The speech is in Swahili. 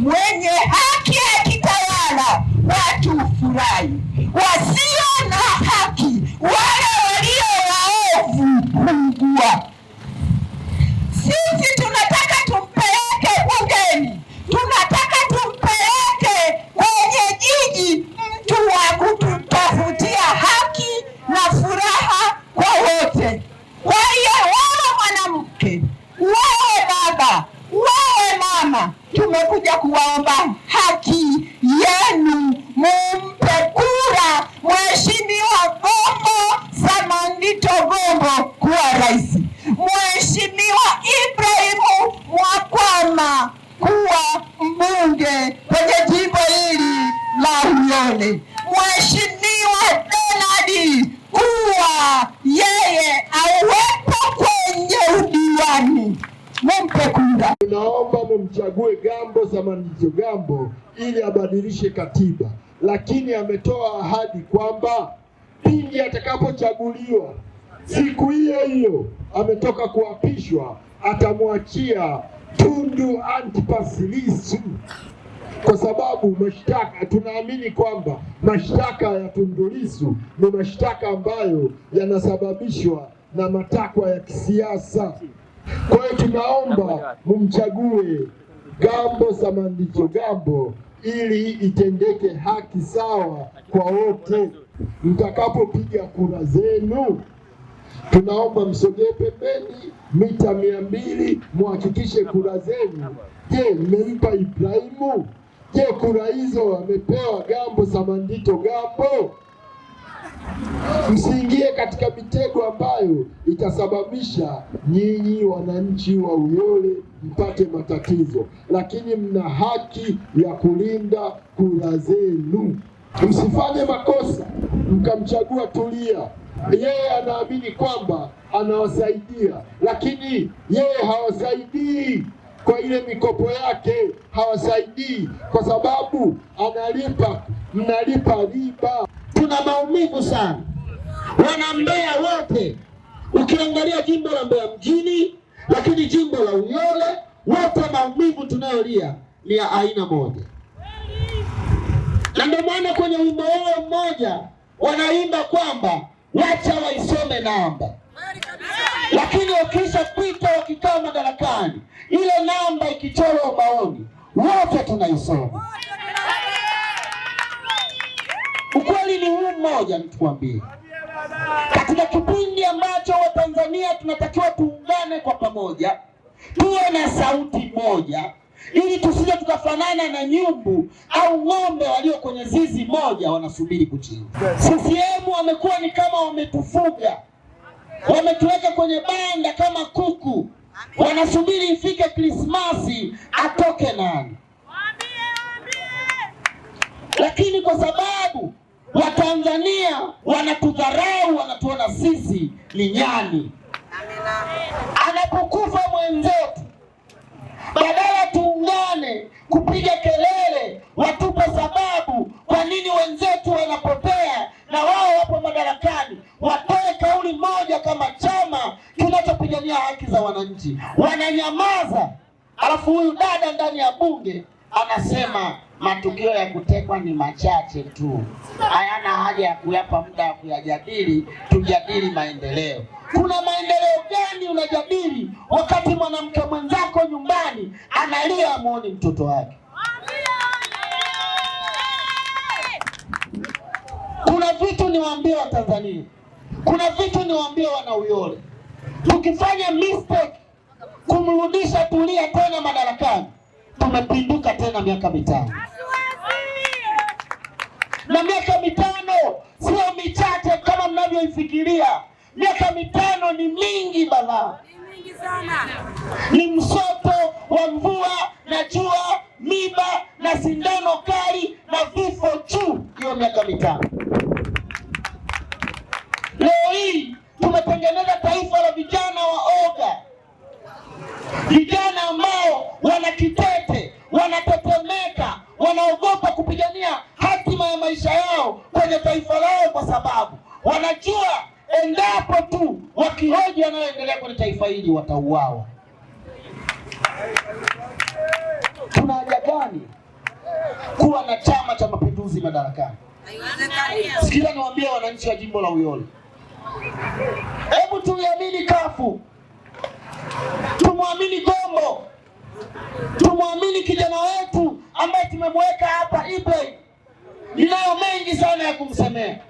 mwenye haki akitawala watu ufurahi wasi kuwaomba haki yenu, mumpe kura Mheshimiwa Gombo Samandito Gombo kuwa rais, Mheshimiwa Ibrahimu Mwakwama kuwa mbunge kwenye jimbo hili la Uyole, Mheshimiwa benadi kuwa yeye awepo kwenye udiwani, mumpe kupata. Tunaomba mumchague Gambo Samani Gambo ili abadilishe katiba, lakini ametoa ahadi kwamba pindi atakapochaguliwa siku hiyo hiyo ametoka kuapishwa atamwachia Tundu Antipas Lissu kwa sababu mashtaka, tunaamini kwamba mashtaka ya Tundu Lissu ni mashtaka ambayo yanasababishwa na matakwa ya kisiasa. Kwa hiyo tunaomba mumchague Gambo Samandicho Gambo ili itendeke haki sawa kwa wote. Mtakapopiga kura zenu, tunaomba msogee pembeni mita mia mbili, muhakikishe kura zenu. Je, mmempa Ibrahimu? Je, kura hizo amepewa Gambo Samandito Gambo? msiingie katika mitego ambayo itasababisha nyinyi wananchi wa Uyole mpate matatizo, lakini mna haki ya kulinda kura zenu. Msifanye makosa mkamchagua Tulia. Yeye anaamini kwamba anawasaidia, lakini yeye hawasaidii kwa ile mikopo yake, hawasaidii kwa sababu analipa, mnalipa riba. Tuna maumivu sana wana Mbeya wote, ukiangalia jimbo la Mbeya mjini, lakini jimbo la Uyole, wote maumivu tunayolia ni ya aina moja, na ndio maana kwenye wimbo wao mmoja wanaimba kwamba wacha waisome namba, lakini wakisha pita, wakikaa madarakani, ile namba ikichorwa ubaoni, wote tunaisoma. Ukweli ni huu mmoja, nitukwambie. Katika kipindi ambacho Watanzania tunatakiwa tuungane kwa pamoja, tuwe na sauti moja, ili tusije tukafanana na nyumbu au ng'ombe walio kwenye zizi moja wanasubiri kuchinjwa. CCM wamekuwa ni kama wametufuga, wametuweka kwenye banda kama kuku, wanasubiri ifike Krismasi atoke nani. Lakini kwa sababu Watanzania wanatudharau ni nyani. Anapokufa mwenzetu, badala tuungane kupiga kelele, watupe sababu kwa nini wenzetu wanapotea na wao wapo madarakani, watoe kauli moja kama chama kinachopigania haki za wananchi. Wananyamaza, alafu huyu dada ndani ya bunge anasema matukio ya kutekwa ni machache tu, hayana haja ya kuyapa muda wa kuyajadili. Tujadili maendeleo. Kuna maendeleo gani unajadili wakati mwanamke mwenzako nyumbani analia, amuoni mtoto wake? Kuna vitu niwaambie Watanzania, kuna vitu niwaambie wanauyole, tukifanya mistake kumrudisha Tulia tena madarakani tumepinduka tena miaka mitano na miaka mitano sio michache kama mnavyoifikiria. Miaka mitano ni mingi bana, ni mingi sana, ni msoto wa mvua na jua, miba na sindano kali na vifo juu. Hiyo miaka mitano. Leo hii tumetengeneza taifa la vijana wa oga vijana ambao wanakite maisha yao kwenye taifa lao, kwa sababu wanajua endapo tu wakihoji yanayoendelea kwenye taifa hili watauawa. Tuna haja gani kuwa na Chama cha Mapinduzi madarakani? Sikila niwaambie wananchi wa jimbo la Uyole, hebu tuiamini kafu, tumwamini Gombo, tumwamini kijana wetu ambaye tumemweka hapa Ibrahim ninayo mengi sana ya kumsamehe.